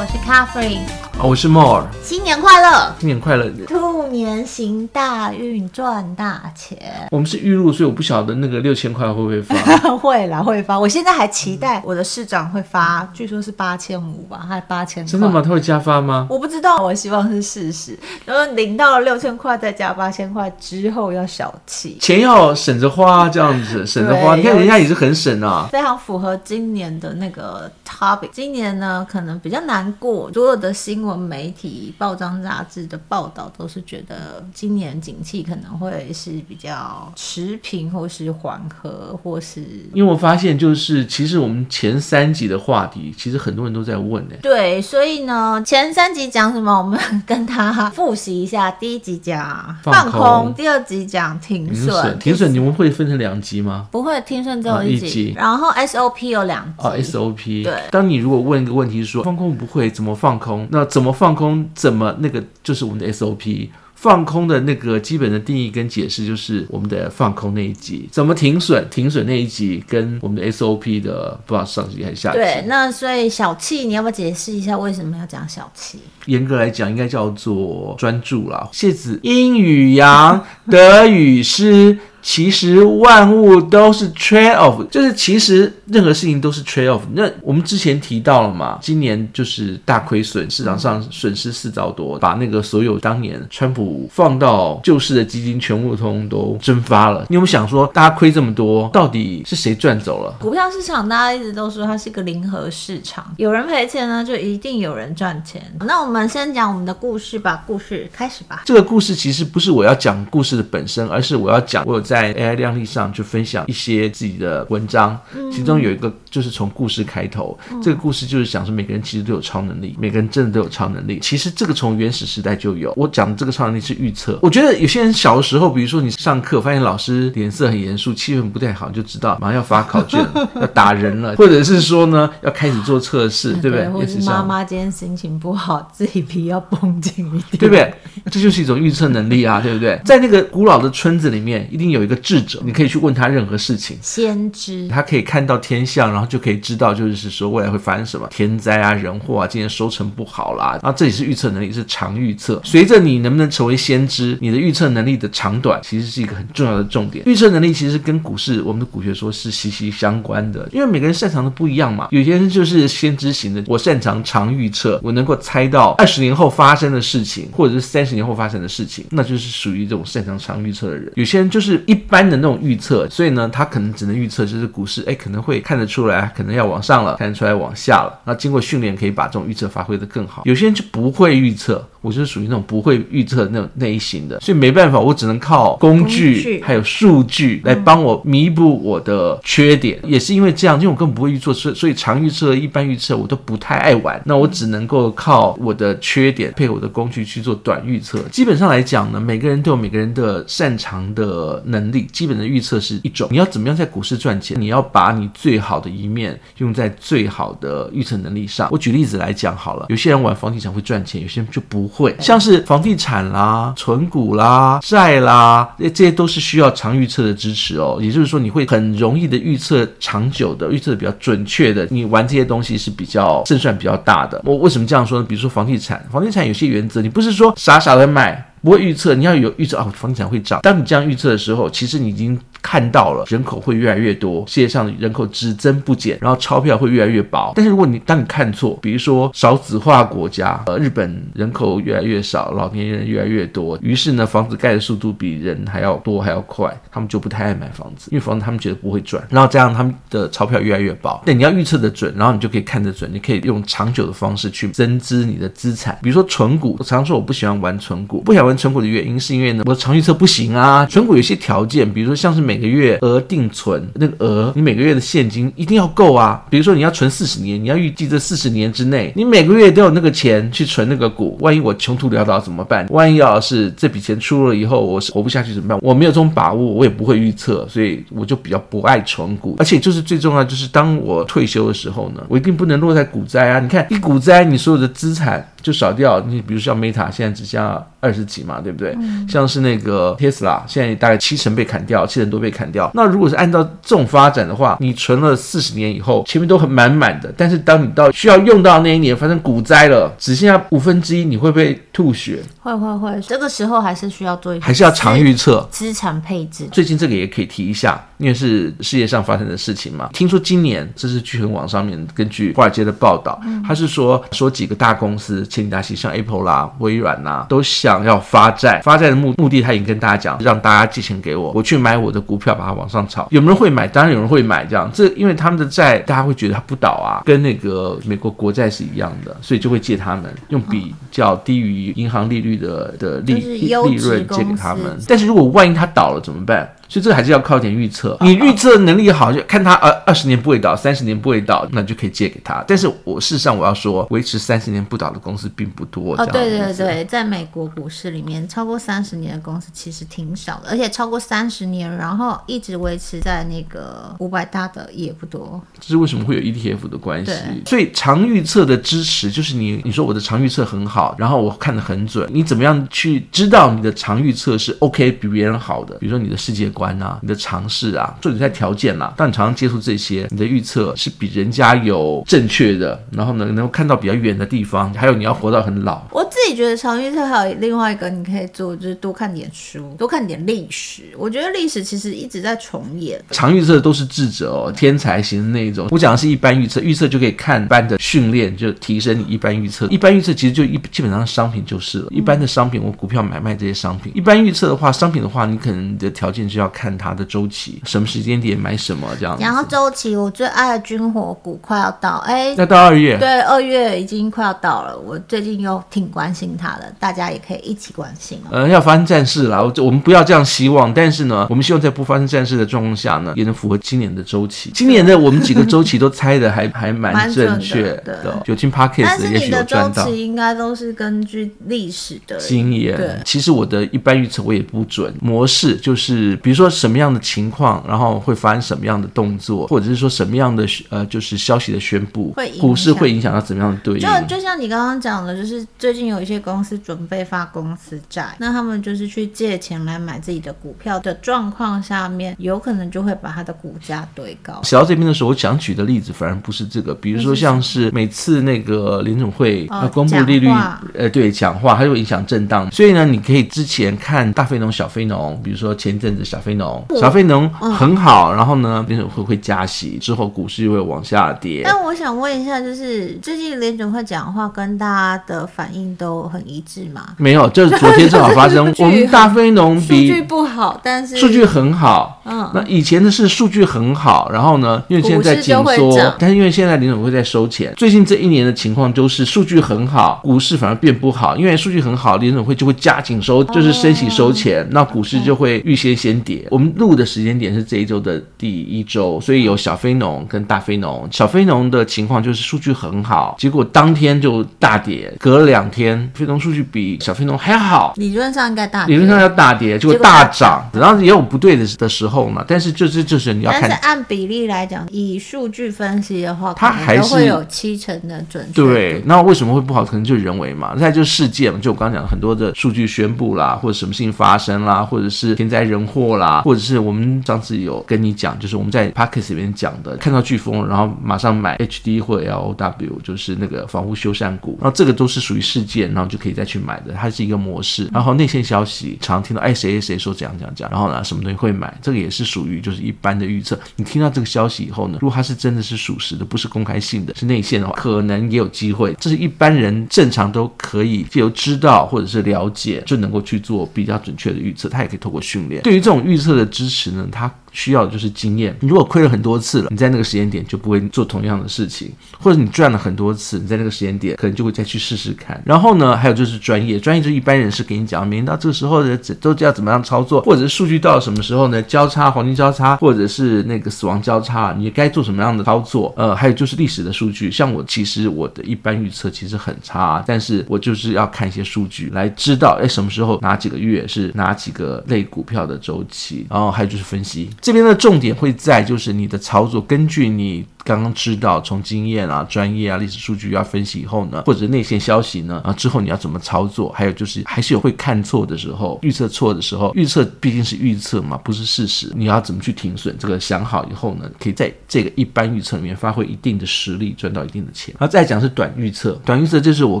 我是 Catherine，啊，我是 Moore，新年快樂，新年快樂的，兔年行大運，賺大錢。我們是預錄，所以我不曉得那個六千塊會不會發， 會啦，會發。我現在還期待我的市長會發，嗯、據說是八千五吧，還是八千。真的嗎？他會加發嗎？我不知道，我希望是事實。然後領到了六千塊、塊，再加八千塊之後要小氣，錢要省着花，這樣子省着花。你看 對人家也是很省啊，非常符合今年的那個 topic。今年呢，可能比較難。過所有的新聞媒體、報章雜誌的報道都是覺得今年景氣可能會是比較持平，或是緩和，或是因為我發現就是其實我們前三集的話題，其實很多人都在問的、欸。對，所以呢，前三集講什麼？我們跟他複習一下。第一集講放空，放空。第二集講停損。停損，你們會分成兩集嗎？不會，停損只有一集。啊、一集，然後 SOP 有兩集。啊，SOP。對，當你如果問一個問題，是說放空不會。對，怎麼放空？那怎麼放空？怎麼那個就是我們的 SOP 放空的那個基本的定義跟解釋，就是我們的放空那一集，怎麼停損？停損那一集跟我們的 SOP 的，不知道上集還是下集？對，那所以小氣，你要不要解釋一下為什麼要講小氣？嚴格來講，應該叫做專注啦。楔子陰與陽，得與失，其實萬物都是 trade off，就是其實任何事情都是 trade off。那我們之前提到了嘛，今年就是大虧損，市場上損失四兆多，把那個所有當年川普放到救市的基金全部通通都蒸發了。你有沒有想說，大家虧這麼多，到底是誰賺走了？股票市場大家一直都說它是一個零和市場，有人賠錢呢，就一定有人賺錢。那我們先講我們的故事吧，故事開始吧。這個故事其實不是我要講故事的本身，而是我要講我。在 AI 靚麗上去分享一些自己的文章，其中有一個就是從故事開頭。嗯、這個故事就是講說每個人其實都有超能力，每個人真的都有超能力。其實這個從原始時代就有。我講的這個超能力是預測。我覺得有些人小的時候，比如說你上課發現老師臉色很嚴肅，氣氛不太好，就知道馬上要發考卷 要打人了，或者是說呢要開始做測試， 對不對？或者是媽媽今天心情不好，自己皮要繃緊一點， 對不對？這就是一種預測能力啊，對不對？在那個古老的村子裡面，一定有。有一個智者，你可以去問他任何事情。先知，他可以看到天象，然後就可以知道，就是說未來會發生什麼天災啊、人禍啊，今年收成不好啦。然後這也是預測能力，是長預測。隨着你能不能成為先知，你的預測能力的長短，其實是一個很重要的重點。預測能力其實跟股市，我們的股學說是息息相關的，因為每個人擅長的不一樣嘛。有些人就是先知型的，我擅長長預測，我能夠猜到二十年後發生的事情，或者是三十年後發生的事情，那就是屬於這種擅長長預測的人。有些人就是。一般的那種預測，所以呢，他可能只能預測就是股市，哎，可能會看得出來，可能要往上了，看得出來往下了。那經過訓練，可以把這種預測發揮得更好。有些人就不會預測。我就是屬於那種不會預測那種那一型的，所以沒辦法，我只能靠工具、工具還有數據來幫我彌補我的缺點。嗯、也是因為這樣，因為我根本不會預測，所以所以長預測、一般預測我都不太愛玩。那我只能夠靠我的缺點配合我的工具去做短預測。基本上來講呢，每個人都有每個人的擅長的能力。基本的預測是一種，你要怎麼樣在股市賺錢？你要把你最好的一面用在最好的預測能力上。我舉例子來講好了，有些人玩房地產會賺錢，有些人就不會。會，像是房地產啦、存股啦、債啦，這這些都是需要長預測的支持哦。也就是說，你會很容易的預測長久的，預測的比較準確的，你玩這些東西是比較勝算比較大的。我為什麼這樣說呢？比如說房地產，房地產有些原則，你不是說傻傻的買，不會預測，你要有預測啊、哦，房地產會漲。當你這樣預測的時候，其實你已經。看到了人口會越來越多，世界上的人口只增不減，然後鈔票會越來越薄。但是如果你當你看錯，比如說少子化國家，呃，日本人口越來越少，老年人越來越多，於是呢，房子蓋的速度比人還要多還要快，他們就不太愛買房子，因為房子他們覺得不會賺，然後這樣他們的鈔票越來越薄。但你要預測的準，然後你就可以看得準，你可以用長久的方式去增資你的資產，比如說存股。我常，常說我不喜歡玩存股，不想玩存股的原因是因為呢，我的長預測不行啊。存股有些條件，比如說像是。每個月額定存那個額，你每個月的現金一定要夠啊。比如說你要存四十年，你要預計這四十年之內，你每個月都有那個錢去存那個股。萬一我窮途潦倒怎麼辦？萬一要是這筆錢出了以後，我是活不下去怎麼辦？我沒有這種把握，我也不會預測，所以我就比較不愛存股。而且就是最重要，就是當我退休的時候呢，我一定不能落在股災啊！你看一股災，你所有的資產就少掉。你比如像 Meta 現在只下二十幾嘛，對不對？嗯、像是那個 Tesla 現在大概七成被砍掉，七成多。會被砍掉。那如果是按照這種發展的話，你存了四十年以後，前面都很滿滿的。但是當你到需要用到那一年，發生股災了，只剩下五分之一，你會不會吐血？會會會。這個時候還是需要做一，還是要長預測資，資產配置。最近這個也可以提一下，因為是世界上發生的事情嘛。聽說今年，這是鉅亨網上面根據華爾街的報道，他、嗯、是說，說幾個大公司前景大戲，像 Apple 啦、啊、微軟吶、啊，都想要發債。發債的目目的，他已經跟大家講，讓大家借錢給我，我去買我的。股票把它往上炒，有沒有人會買？當然有人會買，這樣，這因為他們的債，大家會覺得它不倒啊，跟那個美國國債是一樣的，所以就會借他們用比較低於銀行利率的的利利潤借給他們。但是如果萬一它倒了怎麼辦？所以這個還是要靠點預測，你預測能力好，就看他二二十年不會倒，三十年不會倒，那就可以借給他。但是我，我事實上我要說，維持三十年不倒的公司並不多。哦，對，對對對，在美國股市裡面，超過三十年的公司其實挺少的，而且超過三十年，然後一直維持在那個五百大的也不多。這是為什麼會有 ETF 的關係？對所以長預測的支持就是你，你說我的長預測很好，然後我看得很準，你怎麼樣去知道你的長預測是 OK 比別人好的？比如說你的世界。觀啊，你的嘗試啊，做理財條件啦，啊，但你常常接觸這些，你的預測是比人家有正確的，然後呢，能夠看到比較遠的地方。還有你要活到很老。我自己覺得長預測還有另外一個你可以做，就是多看點書，多看點歷史。我覺得歷史其實一直在重演。長預測都是智者哦，天才型的那一種。我講的是一般預測，預測就可以看一般的訓練，就提升你一般預測。一般預測其實就一基本上商品就是了一般的商品，我股票買賣這些商品。一般預測的話，商品的話，你可能你的條件就要。看它的周期，什麼時間點買什麼這樣子。然後周期，我最愛的軍火股快要到哎，那到二月？對，二月已經快要到了。我最近又挺關心它的，大家也可以一起關心哦，呃，要發生戰事啦，我，我們不要這樣希望。但是呢，我們希望在不發生戰事的狀況下呢，也能符合今年的周期。今年的我們幾個周期都猜得還對還，還蠻正確蠻準的。酒精 packets 也許有賺到。對對的但是你的周期應該都是根據歷史的經驗。對其實我的一般預測我也不準，模式就是比如。比如說什麼樣的情況，然後會發生什麼樣的動作，或者是說什麼樣的呃，就是消息的宣布，會股市會影響到怎麼樣的對就就像你剛剛講的，就是最近有一些公司準備發公司債，那他們就是去借錢來買自己的股票的狀況下面，有可能就會把它的股價推高。寫到這邊的時候，我想舉的例子反而不是這個，比如說像是每次那個聯準會公布利率，哦、呃，對講話，它就會影響震盪。所以呢，你可以之前看大非農、小非農，比如說前一陣子小非農。非農，嗯、小非農很好，然後呢，聯準會會加息之後，股市就會往下跌。那我想問一下，就是最近聯準會講話跟大家的反應都很一致嗎？沒有，就是昨天正好發生， 我們大非農比，數據不好，但是數據很好。嗯，那以前的是數據很好，然後呢，因為現在在緊縮，但是因為現在聯準會在收錢，最近這一年的情況就是數據很好，股市反而變不好，因為數據很好，聯準會就會加緊收，就是升息收錢，哦、那股市就會預先先跌。我們錄的時間點是這一周的第一周，所以有小非農跟大非農。小非農的情況就是數據很好，結果當天就大跌。隔了兩天，非農數據比小非農還好。理論上應該大跌，理論上要大跌，結果大漲。然後也有不對的的時候嘛。但是就是這、就是你要看。但是按比例來講，以數據分析的話，它還是會有七成的準確。對，對對那為什麼會不好？可能就是人為嘛，現在就是世界嘛。就我剛講很多的數據宣布啦，或者什麼事情發生啦，或者是天災人禍。啦，或者是我們上次有跟你講，就是我們在 podcast 裡面講的，看到颶風，然後馬上買 HD 或者 LOW，就是那個房屋修繕股，然後這個都是屬於事件，然後就可以再去買的，它是一個模式。然後內線消息常聽到，哎，誰誰誰說這樣這樣這樣，然後呢，什麼東西會買，這個也是屬於就是一般的預測。你聽到這個消息以後呢，如果它是真的是屬實的，不是公開性的，是內線的話，可能也有機會。這是一般人正常都可以借由知道或者是了解就能夠去做比較準確的預測，他也可以透過訓練。對於這種預測的支持呢？它。需要的就是經驗。你如果虧了很多次了，你在那個時間點就不會做同樣的事情；或者你賺了很多次，你在那個時間點可能就會再去試試看。然後呢，還有就是專業，專業就一般人是給你講，明年到這個時候呢，都要怎麼樣操作，或者是數據到了什麼時候呢，交叉黃金交叉，或者是那個死亡交叉，你該做什麼樣的操作？呃，還有就是歷史的數據，像我其實我的一般預測其實很差，但是我就是要看一些數據來知道，哎，什麼時候哪幾個月是哪幾個類股票的周期。然後還有就是分析。這邊的重點會在，就是你的操作，根據你。剛剛知道從經驗啊、專業啊、歷史數據要分析以後呢，或者內線消息呢啊之後你要怎麼操作？還有就是還是有會看錯的時候，預測錯的時候，預測畢竟是預測嘛，不是事實。你要怎麼去停損？這個想好以後呢，可以在這個一般預測裡面發揮一定的實力，賺到一定的錢。然後再講是短預測，短預測就是我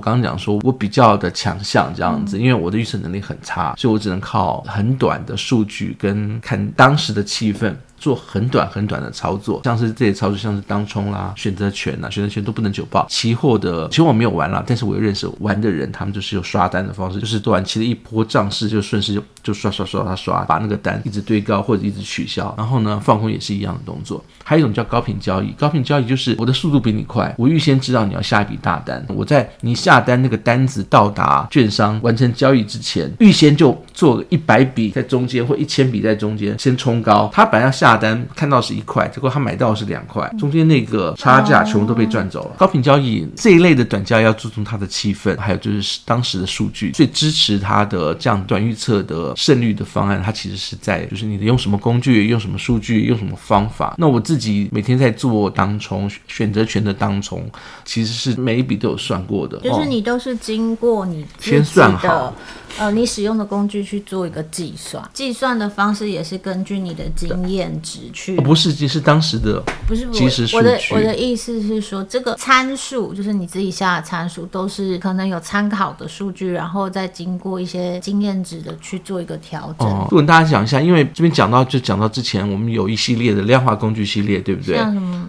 剛剛講說我比較的強項這樣子，嗯、因為我的預測能力很差，所以我只能靠很短的數據跟看當時的氣氛，做很短很短的操作，像是這些操作，像是當沖啦、選擇權啦、選擇權都不能久抱。期貨的期貨我沒有玩了，但是我又認識玩的人，他們就是有刷單的方式，就是短期的一波漲勢就順勢就就刷刷刷，刷，刷，他刷把那個單一直堆高或者一直取消，然後呢放空也是一樣的動作。還有一種叫高頻交易，高頻交易就是我的速度比你快，我預先知道你要下一筆大單，我在你下單那個單子到達券商完成交易之前，預先就做一百筆在中間或一千筆在中間先衝高，他本來要下。大單看到是一塊，結果他買到的是兩塊，中間那個差價全部都被賺走了。嗯、高頻交易這一類的短交易要注重它的氣氛，還有就是當時的數據，最支持它的這樣短預測的勝率的方案，它其實是在就是你的用什麼工具，用什麼數據，用什麼方法。那我自己每天在做當沖選擇權的當沖，其實是每一筆都有算過的，就是你都是經過你的、哦、先算好。呃，你使用的工具去做一個計算，計算的方式也是根據你的經驗值去，哦、不是，這是當時的，不是即其實我的我的意思是說，這個參數就是你自己下的參數，都是可能有參考的數據，然後再經過一些經驗值的去做一個調整。我跟、哦、大家講一下，因為這邊講到就講到之前我們有一系列的量化工具系列，對不對？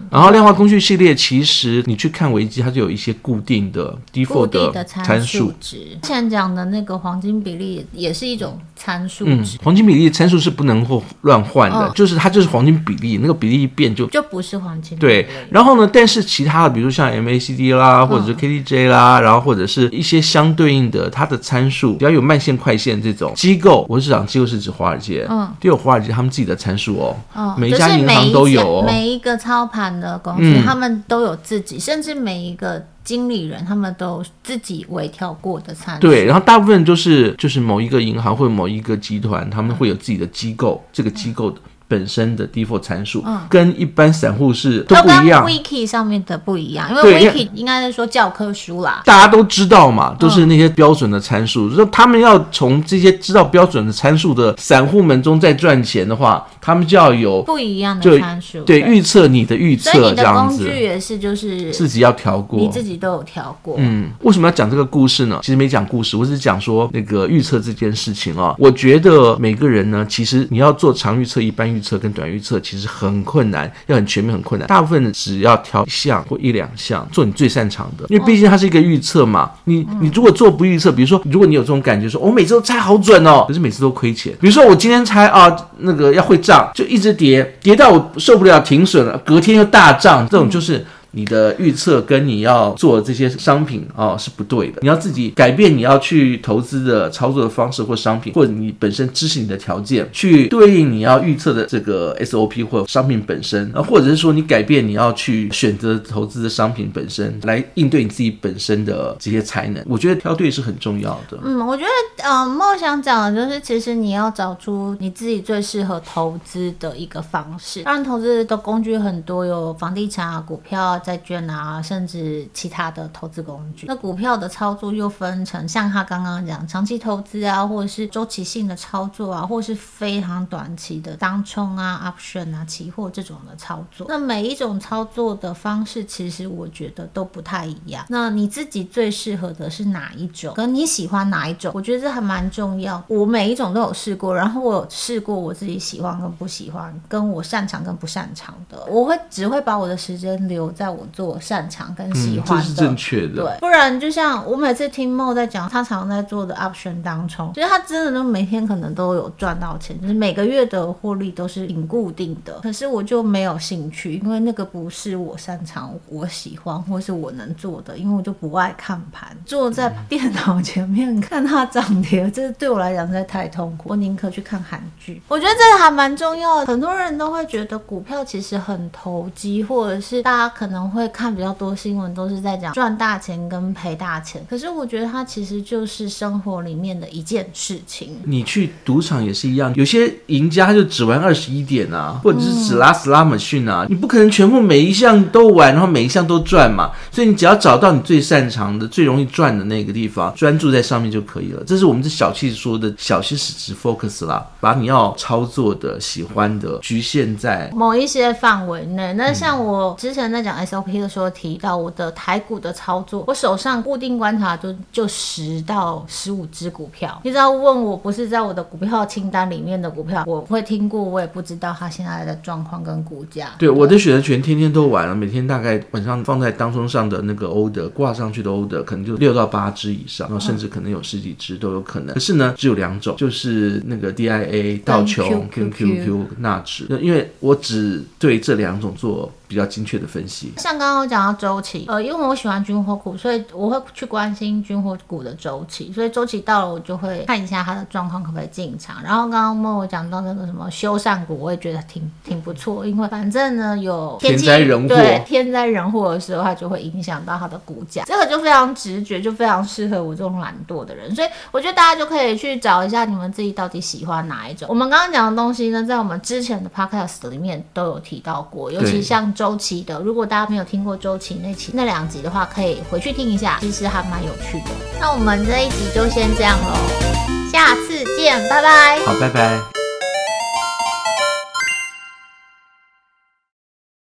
然後量化工具系列其實你去看維基，它就有一些固定的 default 的參數值。之前講的那個黃金。金比例也是一種參數。嗯，黃金比例參數是不能夠亂換的，哦、就是它就是黃金比例，嗯、那個比例一變就就不是黃金比例。對，然後呢？但是其他的，比如像 MACD 啦，或者是 KDJ 啦，嗯、然後或者是一些相對應的，它的參數只要有慢線、快線這種。機構，我是講機構是指華爾街。嗯，都有華爾街他們自己的參數哦。哦、嗯，就是、每一家銀行都有、哦。每一個操盤的公司，他們都有自己，嗯、甚至每一個。經理人他們都自己微調過的參數，對，然後大部分就是就是某一個銀行或某一個集團，他們會有自己的機構，嗯、這個機構、嗯、本身的 default 參數、嗯、跟一般散戶是都不一樣。Wiki 上面的不一樣，因為 Wiki 對看應該是說教科書啦，大家都知道嘛，都是那些標準的參數。嗯、說他們要從這些知道標準的參數的散戶們中再賺錢的話。他們就要有不一樣的參數，對預測你的預測，這樣子，工具也是就是自己要調過，你自己都有調過。嗯，為什麼要講這個故事呢？其實沒講故事，我只是講說那個預測這件事情啊、哦。我覺得每個人呢，其實你要做長預測、一般預測跟短預測，其實很困難，要很全面，很困難。大部分只要調一項或一兩項，做你最擅長的，因為畢竟它是一個預測嘛。你你如果做不預測，比如說如果你有這種感覺，說我每次都猜好準哦，可是每次都虧錢。比如說我今天猜啊，那個要會。就一直跌，跌到我受不了，停損了，隔天又大漲，這種就是。你的預測跟你要做的這些商品哦是不對的，你要自己改變你要去投資的操作的方式或商品，或者你本身支持你的條件去對應你要預測的這個 SOP 或者商品本身，啊，或者是說你改變你要去選擇投資的商品本身來應對你自己本身的這些才能，我覺得挑對是很重要的。嗯，我覺得呃，我想講的就是其實你要找出你自己最適合投資的一個方式，當然投資的工具很多，有房地產啊，股票啊。債券啊，甚至其他的投資工具。那股票的操作又分成，像他剛剛講，長期投資啊，或者是週期性的操作啊，或是非常短期的當沖啊、option 啊、期貨這種的操作。那每一種操作的方式，其實我覺得都不太一樣。那你自己最適合的是哪一種？跟你喜歡哪一種？我覺得這還蠻重要。我每一種都有試過，然後我有試過我自己喜歡跟不喜歡，跟我擅長跟不擅長的，我會只會把我的時間留在。我做擅長跟喜歡的、嗯，這是正確的。對，不然就像我每次聽 Mo 在講他常在做的 option 當中，其、就、實、是、他真的都每天可能都有賺到錢，就是每個月的獲利都是挺固定的。可是我就沒有興趣，因為那個不是我擅長、我喜歡或是我能做的，因為我就不愛看盤，坐在電腦前面看他漲跌，這、嗯、是對我來講實在太痛苦。我寧可去看韓劇。我覺得這個還蠻重要的，很多人都會覺得股票其實很投機，或者是大家可能。會看比較多新聞，都是在講賺大錢跟賠大錢。可是我覺得它其實就是生活裡面的一件事情。你去賭場也是一樣，有些贏家他就只玩二十一點啊，或者是只拉斯拉姆遜啊，嗯、你不可能全部每一項都玩，然後每一項都賺嘛。所以你只要找到你最擅長的、最容易賺的那個地方，專注在上面就可以了。這是我們這小氣說的小氣是指 focus 啦，把你要操作的、喜歡的局限在某一些範圍內。那像我之前在講。嗯早批的時候提到我的台股的操作，我手上固定觀察就就十到十五隻股票。你知道問我不是在我的股票清單裡面的股票，我會聽過，我也不知道它現在的狀況跟股價。對，對我的選擇權天天都玩了，每天大概晚上放在當中上的那個 order 掛上去的 order 可能就六到八隻以上，然後甚至可能有十幾隻都有可能。嗯、可是呢，只有兩種，就是那個 DIA 道瓊跟 QQ 那支。因為我只對這兩種做。比較精確的分析，像剛剛我講到週期，呃，因為我喜歡軍火股，所以我會去關心軍火股的週期，所以週期到了，我就會看一下它的狀況可不可以進場。然後剛剛莫我講到那個什麼修繕股，我也覺得挺挺不錯，因為反正呢有天災人禍，對天災人禍的時候，它就會影響到它的股價，這個就非常直覺，就非常適合我這種懶惰的人，所以我覺得大家就可以去找一下你們自己到底喜歡哪一種。我們剛剛講的東西呢，在我們之前的 podcast 裡面都有提到過，尤其像週期的，如果大家沒有聽過週期那期那兩集的話，可以回去聽一下，其實還蠻有趣的。那我們這一集就先這樣嘍，下次見，拜拜。好，拜拜。